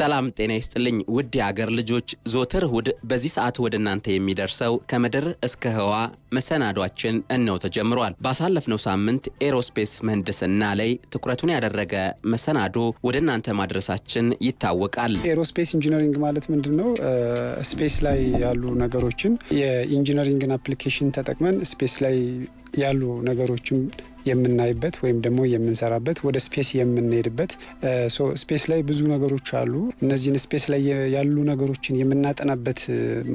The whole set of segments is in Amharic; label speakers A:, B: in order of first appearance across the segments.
A: ሰላም ጤና ይስጥልኝ ውድ የአገር ልጆች፣ ዞተር እሁድ በዚህ ሰዓት ወደ እናንተ የሚደርሰው ከምድር እስከ ህዋ መሰናዷችን እነው ተጀምሯል። ባሳለፍነው ሳምንት ኤሮስፔስ ምህንድስና ላይ ትኩረቱን ያደረገ መሰናዶ ወደ እናንተ ማድረሳችን ይታወቃል። ኤሮስፔስ ኢንጂነሪንግ ማለት ምንድን ነው? ስፔስ ላይ ያሉ ነገሮችን የኢንጂነሪንግን አፕሊኬሽን ተጠቅመን ስፔስ ላይ ያሉ ነገሮችን የምናይበት ወይም ደግሞ የምንሰራበት ወደ ስፔስ የምንሄድበት ስፔስ ላይ ብዙ ነገሮች አሉ። እነዚህን ስፔስ ላይ ያሉ ነገሮችን የምናጠናበት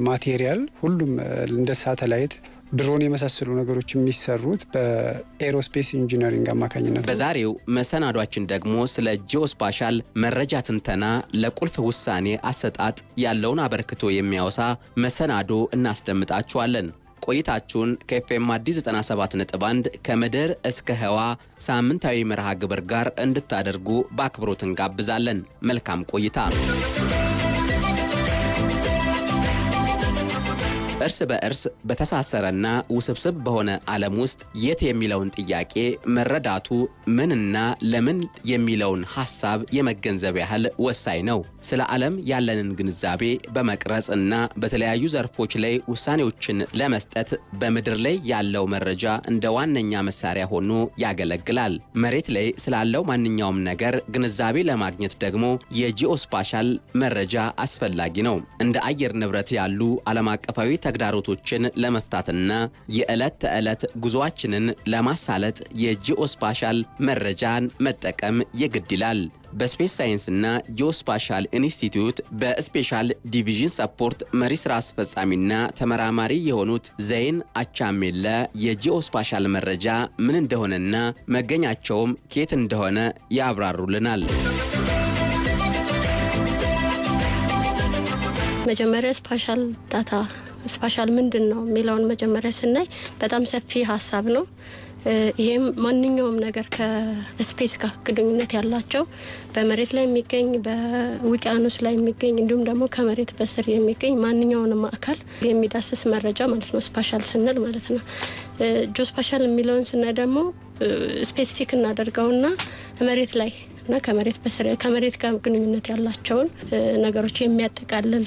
A: ማቴሪያል ሁሉም እንደ ሳተላይት ድሮን የመሳሰሉ ነገሮች የሚሰሩት በኤሮስፔስ ኢንጂነሪንግ አማካኝነት። በዛሬው መሰናዷችን ደግሞ ስለ ጂኦስፓሻል መረጃ ትንተና ለቁልፍ ውሳኔ አሰጣጥ ያለውን አበርክቶ የሚያወሳ መሰናዶ እናስደምጣችኋለን። ቆይታችሁን ከኤፍኤም አዲስ 97 ነጥብ 1 ከምድር እስከ ህዋ ሳምንታዊ መርሃ ግብር ጋር እንድታደርጉ በአክብሮት እንጋብዛለን። መልካም ቆይታ። እርስ በእርስ በተሳሰረና ውስብስብ በሆነ ዓለም ውስጥ የት የሚለውን ጥያቄ መረዳቱ ምንና ለምን የሚለውን ሐሳብ የመገንዘብ ያህል ወሳኝ ነው። ስለ ዓለም ያለንን ግንዛቤ በመቅረጽ እና በተለያዩ ዘርፎች ላይ ውሳኔዎችን ለመስጠት በምድር ላይ ያለው መረጃ እንደ ዋነኛ መሳሪያ ሆኖ ያገለግላል። መሬት ላይ ስላለው ማንኛውም ነገር ግንዛቤ ለማግኘት ደግሞ የጂኦስፓሻል መረጃ አስፈላጊ ነው። እንደ አየር ንብረት ያሉ ዓለም አቀፋዊ ተ ተግዳሮቶችን ለመፍታትና የዕለት ተዕለት ጉዞአችንን ለማሳለጥ የጂኦስፓሻል መረጃን መጠቀም የግድ ይላል። በስፔስ ሳይንስና ጂኦስፓሻል ኢንስቲትዩት በስፔሻል ዲቪዥን ሰፖርት መሪ ስራ አስፈጻሚና ተመራማሪ የሆኑት ዘይን አቻሜለ የጂኦስፓሻል መረጃ ምን እንደሆነና መገኛቸውም ኬት እንደሆነ ያብራሩልናል።
B: መጀመሪያ ስፓሻል ዳታ ስፔሻል ምንድን ነው የሚለውን መጀመሪያ ስናይ በጣም ሰፊ ሀሳብ ነው። ይህም ማንኛውም ነገር ከስፔስ ጋር ግንኙነት ያላቸው በመሬት ላይ የሚገኝ በውቅያኖስ ላይ የሚገኝ እንዲሁም ደግሞ ከመሬት በስር የሚገኝ ማንኛውንም አካል የሚዳስስ መረጃ ማለት ነው፣ ስፓሻል ስንል ማለት ነው። ስፓሻል የሚለውን ስናይ ደግሞ ስፔሲፊክ እናደርገውና መሬት ላይ እና ከመሬት ከመሬት ጋር ግንኙነት ያላቸውን ነገሮች የሚያጠቃልል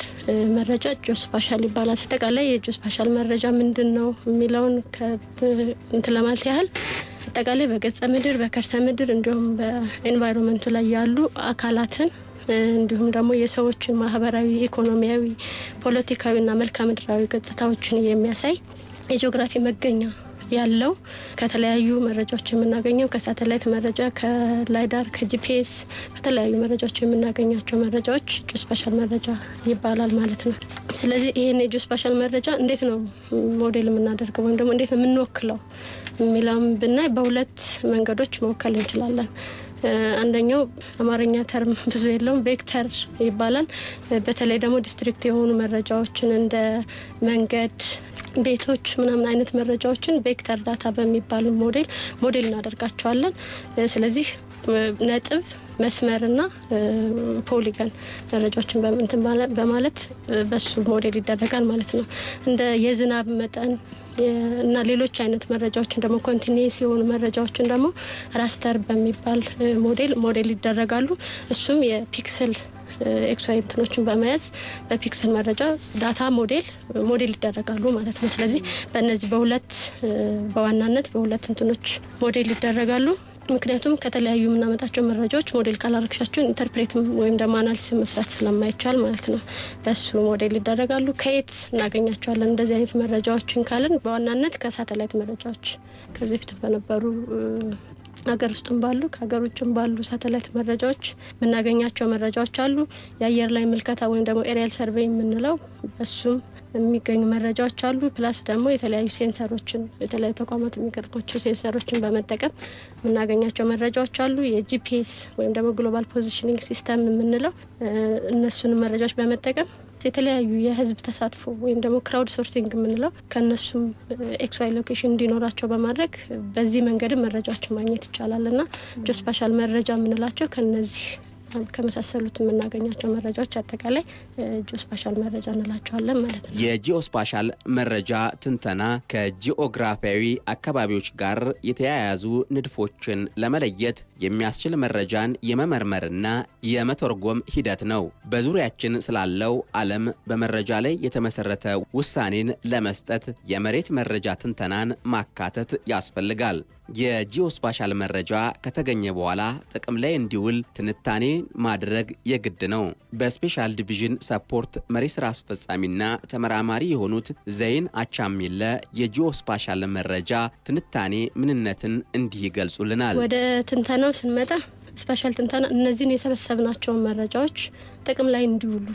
B: መረጃ ጂኦስፓሻል ይባላል። አጠቃላይ የጂኦስፓሻል መረጃ ምንድን ነው የሚለውን እንትን ለማለት ያህል አጠቃላይ በገጸ ምድር፣ በከርሰ ምድር እንዲሁም በኤንቫይሮንመንቱ ላይ ያሉ አካላትን እንዲሁም ደግሞ የሰዎችን ማህበራዊ፣ ኢኮኖሚያዊ፣ ፖለቲካዊና መልክዓ ምድራዊ ገጽታዎችን የሚያሳይ የጂኦግራፊ መገኛ ያለው ከተለያዩ መረጃዎች የምናገኘው ከሳተላይት መረጃ፣ ከላይዳር፣ ከጂፒኤስ ከተለያዩ መረጃዎች የምናገኛቸው መረጃዎች ጂኦስፓሻል መረጃ ይባላል ማለት ነው። ስለዚህ ይህን የጂኦስፓሻል መረጃ እንዴት ነው ሞዴል የምናደርገው ወይም ደግሞ እንዴት ነው የምንወክለው የሚለውም ብናይ በሁለት መንገዶች መወከል እንችላለን። አንደኛው አማርኛ ተርም ብዙ የለውም፣ ቬክተር ይባላል። በተለይ ደግሞ ዲስትሪክት የሆኑ መረጃዎችን እንደ መንገድ፣ ቤቶች ምናምን አይነት መረጃዎችን ቬክተር ዳታ በሚባሉ ሞዴል ሞዴል እናደርጋቸዋለን። ስለዚህ ነጥብ መስመርና ፖሊገን መረጃዎችን በምንትን በማለት በሱ ሞዴል ይደረጋል ማለት ነው። እንደ የዝናብ መጠን እና ሌሎች አይነት መረጃዎችን ደግሞ ኮንቲኒስ የሆኑ መረጃዎችን ደግሞ ራስተር በሚባል ሞዴል ሞዴል ይደረጋሉ። እሱም የፒክስል ኤክስራይ እንትኖችን በመያዝ በፒክሰል መረጃ ዳታ ሞዴል ሞዴል ይደረጋሉ ማለት ነው። ስለዚህ በእነዚህ በሁለት በዋናነት በሁለት እንትኖች ሞዴል ይደረጋሉ። ምክንያቱም ከተለያዩ የምናመጣቸው መረጃዎች ሞዴል ካላረግሻቸው ኢንተርፕሬት ወይም ደግሞ አናሊሲስ መስራት ስለማይቻል ማለት ነው። በሱ ሞዴል ይደረጋሉ። ከየት እናገኛቸዋለን እንደዚህ አይነት መረጃዎችን ካለን በዋናነት ከሳተላይት መረጃዎች ከዚህ በፊት በነበሩ ሀገር ውስጥም ባሉ ከሀገር ውጭም ባሉ ሳተላይት መረጃዎች የምናገኛቸው መረጃዎች አሉ። የአየር ላይ ምልከታ ወይም ደግሞ ኤሪያል ሰርቬይ የምንለው እሱም የሚገኙ መረጃዎች አሉ። ፕላስ ደግሞ የተለያዩ ሴንሰሮችን የተለያዩ ተቋማት የሚገጥሟቸው ሴንሰሮችን በመጠቀም የምናገኛቸው መረጃዎች አሉ። የጂፒኤስ ወይም ደግሞ ግሎባል ፖዚሽኒንግ ሲስተም የምንለው እነሱንም መረጃዎች በመጠቀም የተለያዩ የህዝብ ተሳትፎ ወይም ደግሞ ክራውድ ሶርሲንግ የምንለው ከእነሱም ኤክስዋይ eh, ሎኬሽን እንዲኖራቸው በማድረግ በዚህ መንገድም መረጃዎችን ማግኘት ይቻላል እና ጆስፓሻል መረጃ የምንላቸው ከነዚህ ከመሳሰሉት የምናገኛቸው መረጃዎች አጠቃላይ ጂኦስፓሻል መረጃ እንላቸዋለን ማለት
A: ነው። የጂኦስፓሻል መረጃ ትንተና ከጂኦግራፊያዊ አካባቢዎች ጋር የተያያዙ ንድፎችን ለመለየት የሚያስችል መረጃን የመመርመርና የመተርጎም ሂደት ነው። በዙሪያችን ስላለው ዓለም በመረጃ ላይ የተመሰረተ ውሳኔን ለመስጠት የመሬት መረጃ ትንተናን ማካተት ያስፈልጋል። የጂኦስፓሻል መረጃ ከተገኘ በኋላ ጥቅም ላይ እንዲውል ትንታኔ ማድረግ የግድ ነው። በስፔሻል ዲቪዥን ሰፖርት መሪ ስራ አስፈጻሚና ተመራማሪ የሆኑት ዘይን አቻሚለ የጂኦስፓሻል መረጃ ትንታኔ ምንነትን እንዲህ ይገልጹልናል። ወደ
B: ትንተናው ስንመጣ ስፔሻል ትንተና እነዚህን የሰበሰብናቸውን መረጃዎች ጥቅም ላይ እንዲውሉ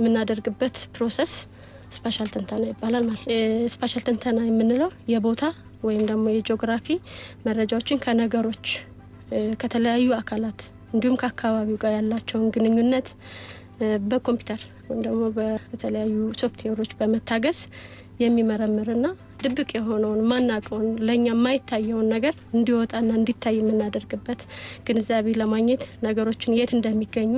B: የምናደርግበት ፕሮሰስ ስፔሻል ትንተና ይባላል። ማለት ስፔሻል ትንተና የምንለው የቦታ ወይም ደግሞ የጂኦግራፊ መረጃዎችን ከነገሮች ከተለያዩ አካላት እንዲሁም ከአካባቢው ጋር ያላቸውን ግንኙነት በኮምፒውተር ወይም ደግሞ በተለያዩ ሶፍትዌሮች የሚመረምር የሚመረምርና ድብቅ የሆነውን ማናቀውን ለእኛ የማይታየውን ነገር እንዲወጣና እንዲታይ የምናደርግበት ግንዛቤ ለማግኘት ነገሮችን የት እንደሚገኙ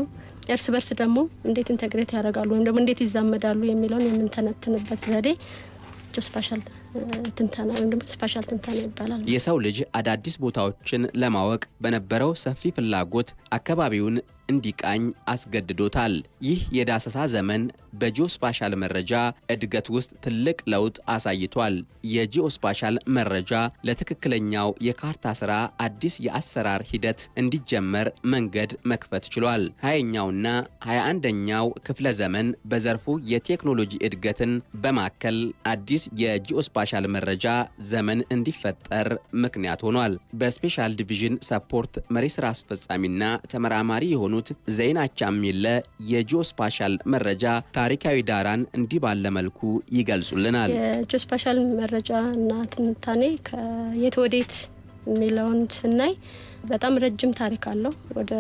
B: እርስ በርስ ደግሞ እንዴት ኢንተግሬት ያደርጋሉ ወይም ደግሞ እንዴት ይዛመዳሉ የሚለውን የምንተነትንበት ዘዴ ናቸው። ስፓሻል ትንተና ወይም ደግሞ ስፓሻል ትንተና ይባላል።
A: የሰው ልጅ አዳዲስ ቦታዎችን ለማወቅ በነበረው ሰፊ ፍላጎት አካባቢውን እንዲቃኝ አስገድዶታል። ይህ የዳሰሳ ዘመን በጂኦስፓሻል መረጃ እድገት ውስጥ ትልቅ ለውጥ አሳይቷል። የጂኦስፓሻል መረጃ ለትክክለኛው የካርታ ስራ አዲስ የአሰራር ሂደት እንዲጀመር መንገድ መክፈት ችሏል። ሀያኛውና ሀያ አንደኛው ክፍለ ዘመን በዘርፉ የቴክኖሎጂ እድገትን በማከል አዲስ የጂኦስፓሻል መረጃ ዘመን እንዲፈጠር ምክንያት ሆኗል። በስፔሻል ዲቪዥን ሰፖርት መሪ ስራ አስፈጻሚና ተመራማሪ የሆኑ የሆኑት ዘይናቻ ሚለ የጂኦስፓሻል መረጃ ታሪካዊ ዳራን እንዲህ ባለ መልኩ ይገልጹልናል።
B: የጂኦስፓሻል መረጃ እና ትንታኔ ከየት ወዴት የሚለውን ስናይ በጣም ረጅም ታሪክ አለው። ወደ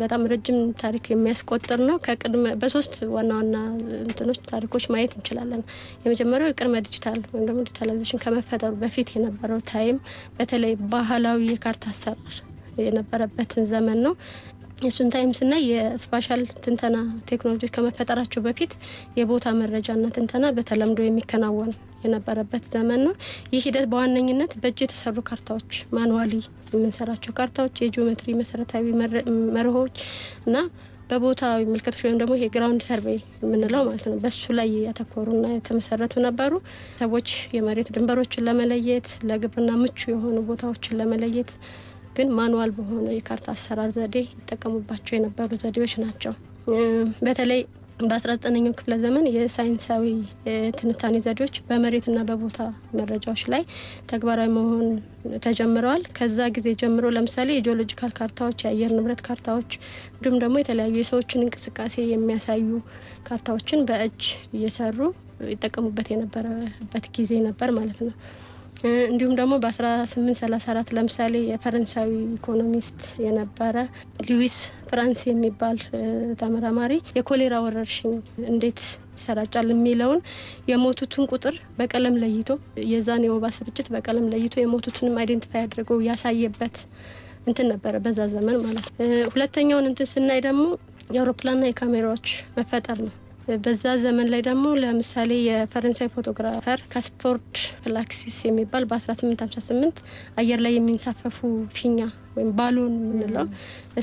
B: በጣም ረጅም ታሪክ የሚያስቆጥር ነው። ከቅድመ በሶስት ዋና ዋና እንትኖች ታሪኮች ማየት እንችላለን። የመጀመሪያው የቅድመ ዲጂታል ወይም ደግሞ ዲጂታላይዜሽን ከመፈጠሩ በፊት የነበረው ታይም በተለይ ባህላዊ የካርታ አሰራር የነበረበትን ዘመን ነው። እሱን ታይም ስናይ የስፓሻል ትንተና ቴክኖሎጂ ከመፈጠራቸው በፊት የቦታ መረጃና ትንተና በተለምዶ የሚከናወን የነበረበት ዘመን ነው። ይህ ሂደት በዋነኝነት በእጅ የተሰሩ ካርታዎች፣ ማንዋሊ የምንሰራቸው ካርታዎች፣ የጂኦሜትሪ መሰረታዊ መርሆች እና በቦታ ምልክቶች ወይም ደግሞ የግራውንድ ሰርቬይ የምንለው ማለት ነው። በሱ ላይ ያተኮሩና የተመሰረቱ ነበሩ። ሰዎች የመሬት ድንበሮችን ለመለየት፣ ለግብርና ምቹ የሆኑ ቦታዎችን ለመለየት ግን ማኑዋል በሆነ የካርታ አሰራር ዘዴ ይጠቀሙባቸው የነበሩ ዘዴዎች ናቸው። በተለይ በ19ኛው ክፍለ ዘመን የሳይንሳዊ ትንታኔ ዘዴዎች በመሬትና በቦታ መረጃዎች ላይ ተግባራዊ መሆን ተጀምረዋል። ከዛ ጊዜ ጀምሮ ለምሳሌ የጂኦሎጂካል ካርታዎች፣ የአየር ንብረት ካርታዎች እንዲሁም ደግሞ የተለያዩ የሰዎችን እንቅስቃሴ የሚያሳዩ ካርታዎችን በእጅ እየሰሩ ይጠቀሙበት የነበረበት ጊዜ ነበር ማለት ነው። እንዲሁም ደግሞ በ1834 ለምሳሌ የፈረንሳዊ ኢኮኖሚስት የነበረ ሉዊስ ፍራንስ የሚባል ተመራማሪ የኮሌራ ወረርሽኝ እንዴት ይሰራጫል የሚለውን የሞቱትን ቁጥር በቀለም ለይቶ የዛን የወባ ስርጭት በቀለም ለይቶ የሞቱትንም አይዴንቲፋይ አድርገው ያሳየበት እንትን ነበረ በዛ ዘመን ማለት ነው። ሁለተኛውን እንትን ስናይ ደግሞ የአውሮፕላንና የካሜራዎች መፈጠር ነው። በዛ ዘመን ላይ ደግሞ ለምሳሌ የፈረንሳይ ፎቶግራፈር ካስፖርድ ፍላክሲስ የሚባል በ1858 አየር ላይ የሚንሳፈፉ ፊኛ ወይም ባሎን የምንለው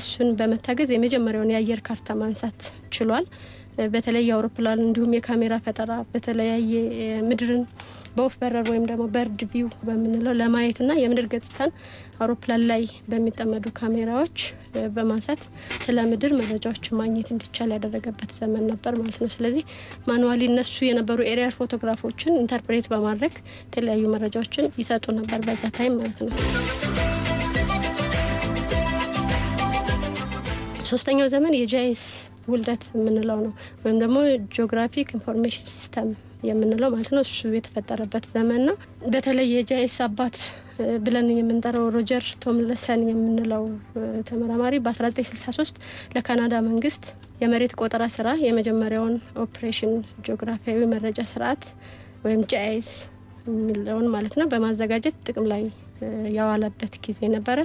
B: እሱን በመታገዝ የመጀመሪያውን የአየር ካርታ ማንሳት ችሏል። በተለይ የአውሮፕላን እንዲሁም የካሜራ ፈጠራ በተለያየ ምድርን በወፍ በረር ወይም ደግሞ በርድ ቪው በምንለው ለማየትና የምድር ገጽታን አውሮፕላን ላይ በሚጠመዱ ካሜራዎች በማንሳት ስለ ምድር መረጃዎችን ማግኘት እንዲቻል ያደረገበት ዘመን ነበር ማለት ነው። ስለዚህ ማኑዋሊ እነሱ የነበሩ ኤሪያል ፎቶግራፎችን ኢንተርፕሬት በማድረግ የተለያዩ መረጃዎችን ይሰጡ ነበር በዛ ታይም ማለት ነው። ሶስተኛው ዘመን የጃይስ ውልደት የምንለው ነው ወይም ደግሞ ጂኦግራፊክ ኢንፎርሜሽን ሲስተም የምንለው ማለት ነው። እሱ የተፈጠረበት ዘመን ነው። በተለይ የጃይስ አባት ብለን የምንጠራው ሮጀር ቶምለሰን የምንለው ተመራማሪ በ1963 ለካናዳ መንግስት የመሬት ቆጠራ ስራ የመጀመሪያውን ኦፕሬሽን ጂኦግራፊያዊ መረጃ ስርዓት ወይም ጃይስ የሚለውን ማለት ነው በማዘጋጀት ጥቅም ላይ ያዋለበት ጊዜ ነበረ።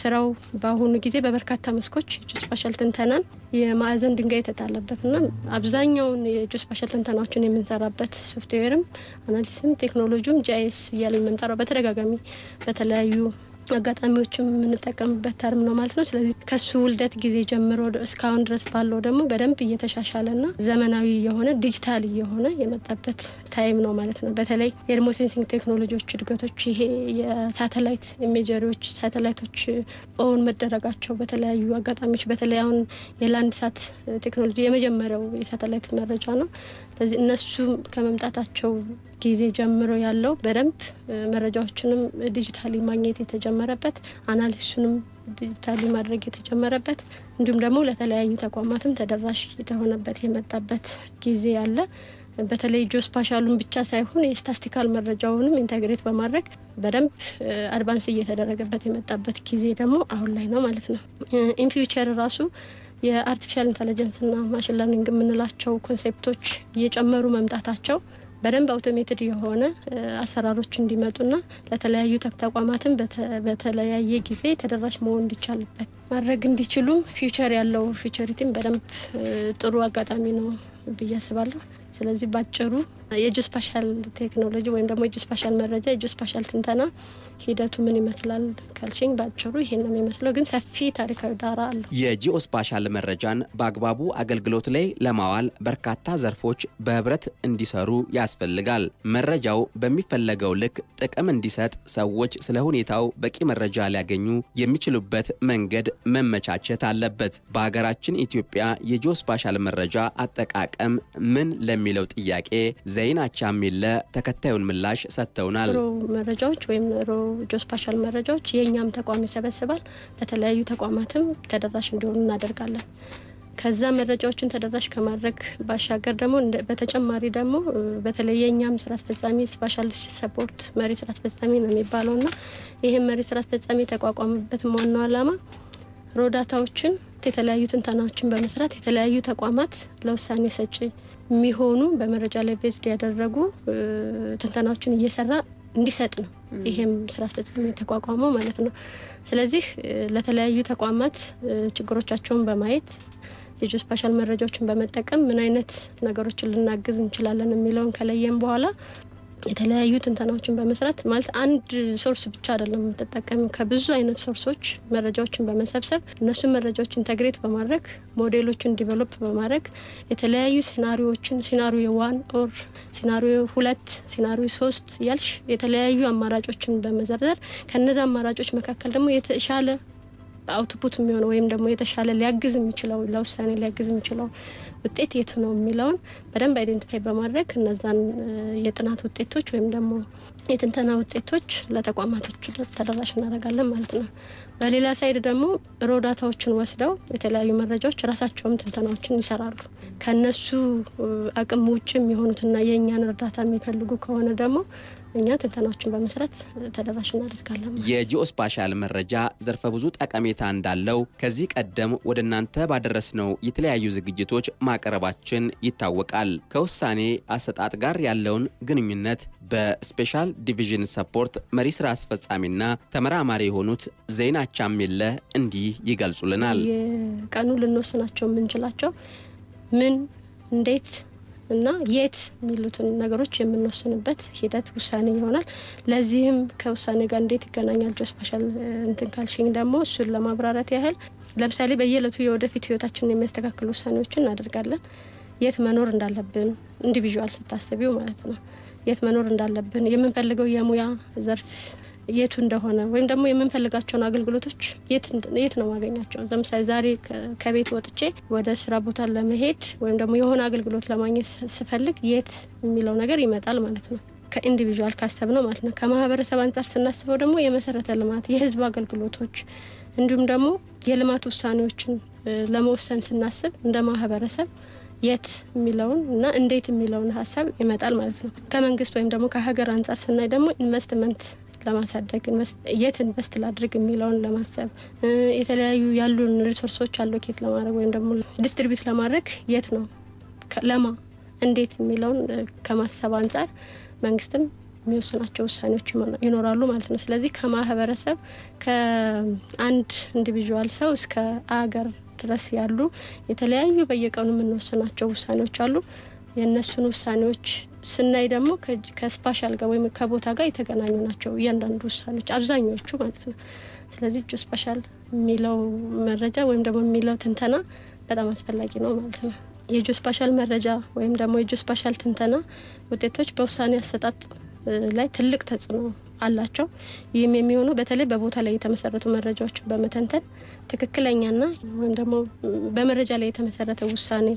B: ስራው በአሁኑ ጊዜ በበርካታ መስኮች የጁስ ትንተናን የማዕዘን ድንጋይ የተጣለበትና አብዛኛውን የጁስ ትንተናዎችን የምንሰራበት ሶፍትዌርም አናሊስም ቴክኖሎጂም ጂአይኤስ እያለ የምንጠራው በተደጋጋሚ በተለያዩ አጋጣሚዎችም የምንጠቀምበት ተርም ነው ማለት ነው። ስለዚህ ከሱ ውልደት ጊዜ ጀምሮ እስካሁን ድረስ ባለው ደግሞ በደንብ እየተሻሻለና ዘመናዊ የሆነ ዲጂታል እየሆነ የመጣበት ታይም ነው ማለት ነው። በተለይ የድሞ ሴንሲንግ ቴክኖሎጂዎች እድገቶች ይሄ የሳተላይት ኢሜጀሪዎች ሳተላይቶች ኦን መደረጋቸው በተለያዩ አጋጣሚዎች በተለይ አሁን የላንድ ሳት ቴክኖሎጂ የመጀመሪያው የሳተላይት መረጃ ነው። ስለዚህ እነሱ ከመምጣታቸው ጊዜ ጀምሮ ያለው በደንብ መረጃዎችንም ዲጂታሊ ማግኘት የተጀመረበት አናሊሱንም ዲጂታሊ ማድረግ የተጀመረበት እንዲሁም ደግሞ ለተለያዩ ተቋማትም ተደራሽ የተሆነበት የመጣበት ጊዜ አለ። በተለይ ጂኦስፓሻሉን ብቻ ሳይሆን የስታስቲካል መረጃውንም ኢንተግሬት በማድረግ በደንብ አድቫንስ እየተደረገበት የመጣበት ጊዜ ደግሞ አሁን ላይ ነው ማለት ነው። ኢንፊውቸር ራሱ የአርቲፊሻል ኢንተለጀንስና ማሽን ለርኒንግ የምንላቸው ኮንሴፕቶች እየጨመሩ መምጣታቸው በደንብ አውቶሜትድ የሆነ አሰራሮች እንዲመጡና ለተለያዩ ተቋማትም በተለያየ ጊዜ ተደራሽ መሆን እንዲቻልበት ማድረግ እንዲችሉ ፊውቸር ያለው ፊውቸሪቲም በደንብ ጥሩ አጋጣሚ ነው ብዬ አስባለሁ። ስለዚህ ባጭሩ የእጅ ስፓሻል ቴክኖሎጂ ወይም ደግሞ የእጅ ስፓሻል መረጃ የእጅ ስፓሻል ትንተና ሂደቱ ምን ይመስላል ካልሽኝ በአጭሩ ይሄን ነው የሚመስለው፣ ግን ሰፊ ታሪካዊ ዳራ አለ።
A: የጂኦ ስፓሻል መረጃን በአግባቡ አገልግሎት ላይ ለማዋል በርካታ ዘርፎች በህብረት እንዲሰሩ ያስፈልጋል። መረጃው በሚፈለገው ልክ ጥቅም እንዲሰጥ ሰዎች ስለ ሁኔታው በቂ መረጃ ሊያገኙ የሚችሉበት መንገድ መመቻቸት አለበት። በሀገራችን ኢትዮጵያ የጂኦ ስፓሻል መረጃ አጠቃቀም ምን ለሚለው ጥያቄ ዘይን አቻሜለ ተከታዩን ምላሽ ሰጥተውናል። ሮ
B: መረጃዎች ወይም ሮ ጆስፓሻል መረጃዎች የእኛም ተቋም ይሰበስባል። ለተለያዩ ተቋማትም ተደራሽ እንዲሆኑ እናደርጋለን። ከዛ መረጃዎችን ተደራሽ ከማድረግ ባሻገር ደግሞ በተጨማሪ ደግሞ በተለይ የእኛም ስራ አስፈጻሚ ስፔሻል ሰፖርት መሪ ስራ አስፈጻሚ ነው የሚባለውና ይህም መሪ ስራ አስፈጻሚ የተቋቋመበት ዋናው ዓላማ ሮዳታዎችን የተለያዩ ትንተናዎችን በመስራት የተለያዩ ተቋማት ለውሳኔ ሰጪ የሚሆኑ በመረጃ ላይ ቤዝድ ያደረጉ ትንተናዎችን እየሰራ እንዲሰጥ ነው። ይሄም ስራ አስፈጻሚ የተቋቋመው ማለት ነው። ስለዚህ ለተለያዩ ተቋማት ችግሮቻቸውን በማየት የጂኦ ስፓሻል መረጃዎችን በመጠቀም ምን አይነት ነገሮችን ልናግዝ እንችላለን የሚለውን ከለየም በኋላ የተለያዩ ትንተናዎችን በመስራት ማለት አንድ ሶርስ ብቻ አይደለም የምትጠቀሚው። ከብዙ አይነት ሶርሶች መረጃዎችን በመሰብሰብ እነሱን መረጃዎች ኢንተግሬት በማድረግ ሞዴሎችን ዲቨሎፕ በማድረግ የተለያዩ ሲናሪዎችን ሲናሪ ዋን ኦር ሲናሪ ሁለት፣ ሲናሪ ሶስት ያልሽ የተለያዩ አማራጮችን በመዘርዘር ከነዚ አማራጮች መካከል ደግሞ የተሻለ አውትፑት የሚሆነው ወይም ደግሞ የተሻለ ሊያግዝ የሚችለው ለውሳኔ ሊያግዝ የሚችለው ውጤት የቱ ነው የሚለውን በደንብ አይደንቲፋይ በማድረግ እነዛን የጥናት ውጤቶች ወይም ደግሞ የትንተና ውጤቶች ለተቋማቶች ተደራሽ እናደርጋለን ማለት ነው። በሌላ ሳይድ ደግሞ ሮዳታዎችን ወስደው የተለያዩ መረጃዎች ራሳቸውም ትንተናዎችን ይሰራሉ። ከነሱ አቅም ውጭ የሚሆኑትና የእኛን እርዳታ የሚፈልጉ ከሆነ ደግሞ እኛ ትንተናዎችን በመስራት ተደራሽ እናደርጋለን።
A: የጂኦስፓሻል መረጃ ዘርፈ ብዙ ጠቀሜታ እንዳለው ከዚህ ቀደም ወደ እናንተ ባደረስነው የተለያዩ ዝግጅቶች ማቅረባችን ይታወቃል። ከውሳኔ አሰጣጥ ጋር ያለውን ግንኙነት በስፔሻል ዲቪዥን ሰፖርት መሪ ስራ አስፈጻሚና ተመራማሪ የሆኑት ዜና የለ እንዲህ ይገልጹልናል።
B: የቀኑ ልንወስናቸው የምንችላቸው ምን እንዴት እና የት የሚሉትን ነገሮች የምንወስንበት ሂደት ውሳኔ ይሆናል። ለዚህም ከውሳኔ ጋር እንዴት ይገናኛል ጆስፓሻል እንትን ካልሽኝ ደግሞ እሱን ለማብራራት ያህል ለምሳሌ በየእለቱ የወደፊት ህይወታችንን የሚያስተካክሉ ውሳኔዎችን እናደርጋለን። የት መኖር እንዳለብን ኢንዲቪዥዋል ስታስቢው ማለት ነው። የት መኖር እንዳለብን የምንፈልገው የሙያ ዘርፍ የቱ እንደሆነ ወይም ደግሞ የምንፈልጋቸውን አገልግሎቶች የት ነው ማገኛቸው። ለምሳሌ ዛሬ ከቤት ወጥቼ ወደ ስራ ቦታ ለመሄድ ወይም ደግሞ የሆነ አገልግሎት ለማግኘት ስፈልግ የት የሚለው ነገር ይመጣል ማለት ነው። ከኢንዲቪዥዋል ካሰብ ነው ማለት ነው። ከማህበረሰብ አንጻር ስናስበው ደግሞ የመሰረተ ልማት፣ የህዝብ አገልግሎቶች እንዲሁም ደግሞ የልማት ውሳኔዎችን ለመወሰን ስናስብ እንደ ማህበረሰብ የት የሚለውን እና እንዴት የሚለውን ሀሳብ ይመጣል ማለት ነው። ከመንግስት ወይም ደግሞ ከሀገር አንጻር ስናይ ደግሞ ኢንቨስትመንት ለማሳደግ የት ኢንቨስት ላድርግ የሚለውን ለማሰብ የተለያዩ ያሉን ሪሶርሶች አሎኬት ለማድረግ ወይም ደግሞ ዲስትሪቢዩት ለማድረግ የት ነው ለማ እንዴት የሚለውን ከማሰብ አንጻር መንግስትም የሚወስናቸው ውሳኔዎች ይኖራሉ ማለት ነው። ስለዚህ ከማህበረሰብ ከአንድ ኢንዲቪዥዋል ሰው እስከ አገር ድረስ ያሉ የተለያዩ በየቀኑ የምንወስናቸው ውሳኔዎች አሉ። የእነሱን ውሳኔዎች ስናይ ደግሞ ከስፓሻል ጋር ወይም ከቦታ ጋር የተገናኙ ናቸው እያንዳንዱ ውሳኔዎች አብዛኛዎቹ ማለት ነው። ስለዚህ እጁ ስፓሻል የሚለው መረጃ ወይም ደግሞ የሚለው ትንተና በጣም አስፈላጊ ነው ማለት ነው። የጆ ስፓሻል መረጃ ወይም ደግሞ የጆ ስፓሻል ትንተና ውጤቶች በውሳኔ አሰጣጥ ላይ ትልቅ ተጽዕኖ አላቸው። ይህም የሚሆነው በተለይ በቦታ ላይ የተመሰረቱ መረጃዎችን በመተንተን ትክክለኛና ወይም ደግሞ በመረጃ ላይ የተመሰረተ ውሳኔ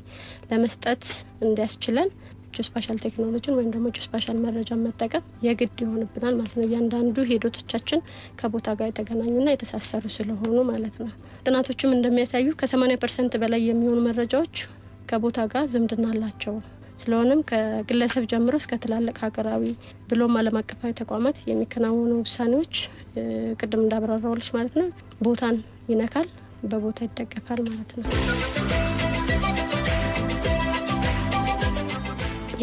B: ለመስጠት እንዲያስችለን ጆስፓሻል ቴክኖሎጂን ወይም ደግሞ ጂኦስፓሻል መረጃን መጠቀም የግድ ይሆንብናል ማለት ነው። እያንዳንዱ ሂደቶቻችን ከቦታ ጋር የተገናኙና የተሳሰሩ ስለሆኑ ማለት ነው። ጥናቶችም እንደሚያሳዩ ከ80 ፐርሰንት በላይ የሚሆኑ መረጃዎች ከቦታ ጋር ዝምድና አላቸው። ስለሆነም ከግለሰብ ጀምሮ እስከ ትላልቅ ሀገራዊ ብሎም ዓለም አቀፋዊ ተቋማት የሚከናወኑ ውሳኔዎች ቅድም እንዳብራራውልሽ ማለት ነው ቦታን ይነካል፣ በቦታ ይደገፋል ማለት ነው።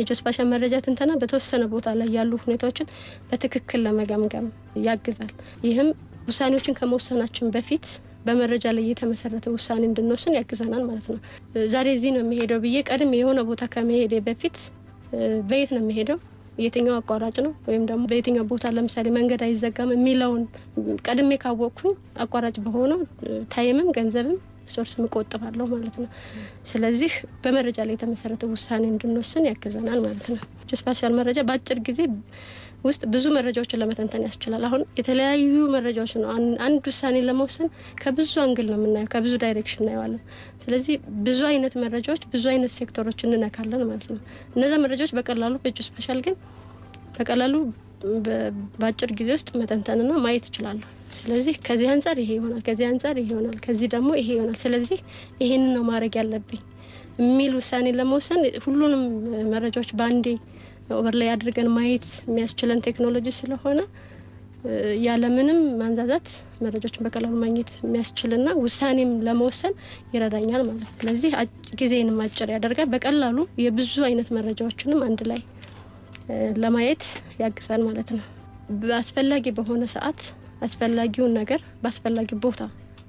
B: የጆስ ባሻ መረጃ ትንተና በተወሰነ ቦታ ላይ ያሉ ሁኔታዎችን በትክክል ለመገምገም ያግዛል። ይህም ውሳኔዎችን ከመወሰናችን በፊት በመረጃ ላይ የተመሰረተ ውሳኔ እንድንወስን ያግዘናል ማለት ነው። ዛሬ እዚህ ነው የሚሄደው ብዬ ቀድሜ የሆነ ቦታ ከመሄዴ በፊት በየት ነው የሚሄደው የትኛው አቋራጭ ነው ወይም ደግሞ በየትኛው ቦታ ለምሳሌ መንገድ አይዘጋም የሚለውን ቀድሜ ካወቅኩኝ አቋራጭ በሆነው ታይምም ገንዘብም ሶርስ ምቆጥባለሁ ማለት ነው። ስለዚህ በመረጃ ላይ የተመሰረተ ውሳኔ እንድንወስን ያግዘናል ማለት ነው። ስፓሻል መረጃ በአጭር ጊዜ ውስጥ ብዙ መረጃዎችን ለመተንተን ያስችላል። አሁን የተለያዩ መረጃዎች ነው አንድ ውሳኔ ለመወሰን ከብዙ አንግል ነው የምናየው፣ ከብዙ ዳይሬክሽን እናየዋለን። ስለዚህ ብዙ አይነት መረጃዎች ብዙ አይነት ሴክተሮች እንነካለን ማለት ነው። እነዚ መረጃዎች በቀላሉ በእጁ ስፔሻል ግን በቀላሉ በአጭር ጊዜ ውስጥ መተንተንና ማየት ይችላሉ። ስለዚህ ከዚህ አንጻር ይሄ ይሆናል፣ ከዚህ አንጻር ይሄ ይሆናል፣ ከዚህ ደግሞ ይሄ ይሆናል፣ ስለዚህ ይሄንን ነው ማድረግ ያለብኝ የሚል ውሳኔ ለመወሰን ሁሉንም መረጃዎች በአንዴ ኦቨር ላይ አድርገን ማየት የሚያስችለን ቴክኖሎጂ ስለሆነ ያለምንም ማንዛዛት መረጃዎችን በቀላሉ ማግኘት የሚያስችልና ውሳኔም ለመወሰን ይረዳኛል ማለት ነው። ስለዚህ ጊዜንም አጭር ያደርጋል። በቀላሉ የብዙ አይነት መረጃዎችንም አንድ ላይ ለማየት ያግዛል ማለት ነው። አስፈላጊ በሆነ ሰዓት አስፈላጊውን ነገር በአስፈላጊ ቦታ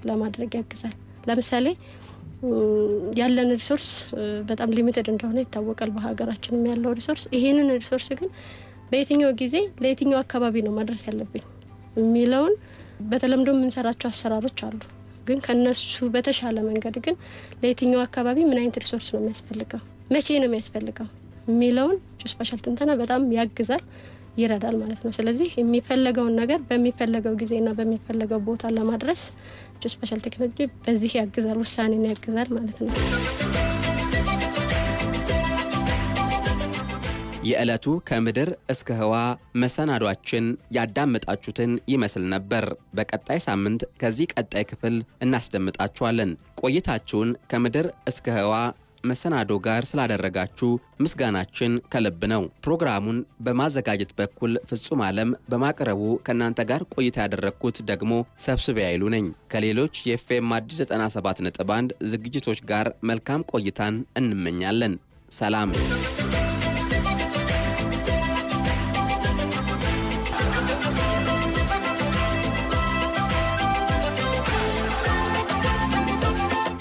B: ለማድረግ ያግዛል። ለምሳሌ ያለን ሪሶርስ በጣም ሊሚትድ እንደሆነ ይታወቃል። በሀገራችንም ያለው ሪሶርስ ይሄንን ሪሶርስ ግን በየትኛው ጊዜ ለየትኛው አካባቢ ነው ማድረስ ያለብኝ የሚለውን በተለምዶ የምንሰራቸው አሰራሮች አሉ። ግን ከነሱ በተሻለ መንገድ ግን ለየትኛው አካባቢ ምን አይነት ሪሶርስ ነው የሚያስፈልገው፣ መቼ ነው የሚያስፈልገው የሚለውን ስፔሻል ትንተና በጣም ያግዛል፣ ይረዳል ማለት ነው። ስለዚህ የሚፈለገውን ነገር በሚፈለገው ጊዜና በሚፈለገው ቦታ ለማድረስ ስፔሻል ቴክኖሎጂ በዚህ ያግዛል፣ ውሳኔን ያግዛል ማለት ነው።
A: የዕለቱ ከምድር እስከ ህዋ መሰናዷችን ያዳመጣችሁትን ይመስል ነበር። በቀጣይ ሳምንት ከዚህ ቀጣይ ክፍል እናስደምጣችኋለን። ቆይታችሁን ከምድር እስከ ህዋ መሰናዶ ጋር ስላደረጋችሁ ምስጋናችን ከልብ ነው። ፕሮግራሙን በማዘጋጀት በኩል ፍጹም ዓለም በማቅረቡ ከእናንተ ጋር ቆይታ ያደረግኩት ደግሞ ሰብስቤ አይሉ ነኝ። ከሌሎች የኤፍኤም አዲስ 97 ነጥብ 1 ዝግጅቶች ጋር መልካም ቆይታን እንመኛለን። ሰላም